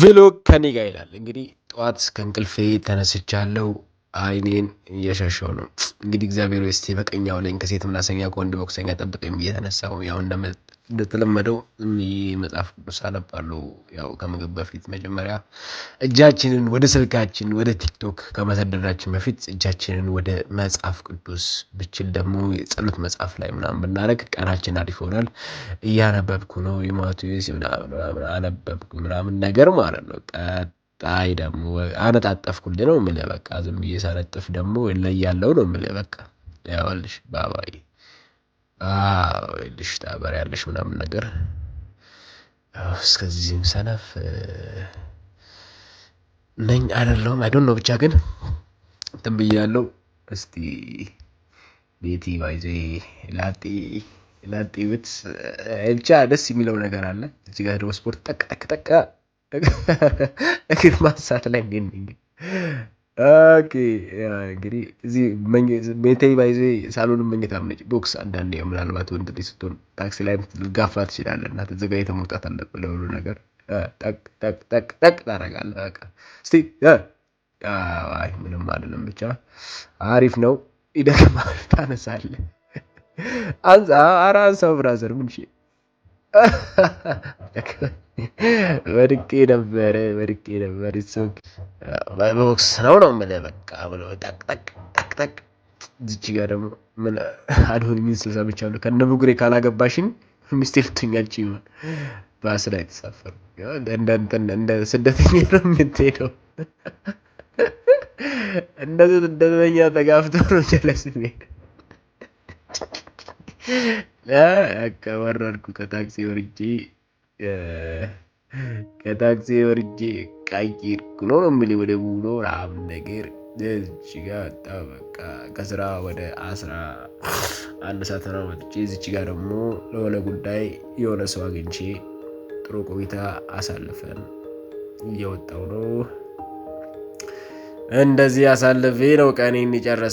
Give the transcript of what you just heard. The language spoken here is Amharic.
ብሎ ከኔ ጋር ይላል። እንግዲህ ጠዋት ከእንቅልፌ ተነስቻለሁ። አይኔን እየሸሸው ነው። እንግዲህ እግዚአብሔር ሆይ በቀኛ ሆነኝ ከሴት ምናሰኛ ከወንድ ቦክሰኛ ጠብቀኝ እየተነሳው ያው እንደተለመደው መጽሐፍ ቅዱስ አነባለሁ። ያው ከምግብ በፊት መጀመሪያ እጃችንን ወደ ስልካችን ወደ ቲክቶክ ከመሰደዳችን በፊት እጃችንን ወደ መጽሐፍ ቅዱስ ብችል ደግሞ የጸሎት መጽሐፍ ላይ ምናምን ብናደረግ ቀናችን አሪፍ ይሆናል። እያነበብኩ ነው የማቴዎስ ምናምን አነበብኩ ምናምን ነገር ማለት ነው። አይ ደግሞ አነጣጠፍኩልህ ነው የምልህ በቃ ዝም ብዬ ሳነጥፍ ደግሞ እለያለሁ ነው የምልህ በቃ ያውልሽ ልሽ ታበር ያለሽ ምናምን ነገር እስከዚህም ሰነፍ ነኝ አይደለሁም አይ ዶንት ኖ ብቻ ግን እንትን ብያለሁ። እስቲ ቤቲ ባይ ዘ ዌይ ላጤ ላጤ ብት ብቻ ደስ የሚለው ነገር አለ እዚህ ጋር ደግሞ ስፖርት ጠቅ ጠቅ ጠቅ እግር ማንሳት ላይ እንዴት ነኝ እንግዲህ እዚህ ሜንቴን ባይዜ ሳሎን መኝታም ነች ቦክስ አንዳንድ አንዳንዴ ምናልባት ወንድ ልጅ ስትሆን ታክሲ ላይ ልጋፋ ትችላለ እና ተዘጋጅተህ መውጣት አለብህ ለሁሉ ነገር ጠቅጠቅጠቅ ታደርጋለህ በቃ እስቲ አይ ምንም አይደለም ብቻ አሪፍ ነው ይደግማል። ታነሳለህ አንሳ ኧረ አንሳው ብራዘር ምን ወድቄ ነበረ ወድቄ ነበር። እሱ በቦክስ ነው ነው የምልህ በቃ ብሎ ጠቅጠቅ ጠቅጠቅ። እዚች ጋር ደግሞ ምን አድሆን የሚል ስልሳ ብቻ ብሎ ከነ ብጉሬ ካላገባሽኝ ሚስቴ ልትኛጭ ይሆን ባስ ላይ ተሳፈሩ። እንደ ስደተኛ ነው የምትሄደው። እንደ ስደተኛ ተጋፍቶ ነው ጀለስ ሄድ ወረድኩ ከታክሲ ወርጄ ከታክሲ ወርጄ ቀይር ክሎ ነው የሚል ወደ ውሎ ምናምን ነገር እዚጋ ወጣ። በቃ ከስራ ወደ አስራ አንድ ሰዓት ነው መጥቼ እዚች ጋር ደግሞ ለሆነ ጉዳይ የሆነ ሰው አግኝቼ ጥሩ ቆይታ አሳልፈን እየወጣው ነው። እንደዚህ አሳልፌ ነው ቀኔን የጨረስኩ።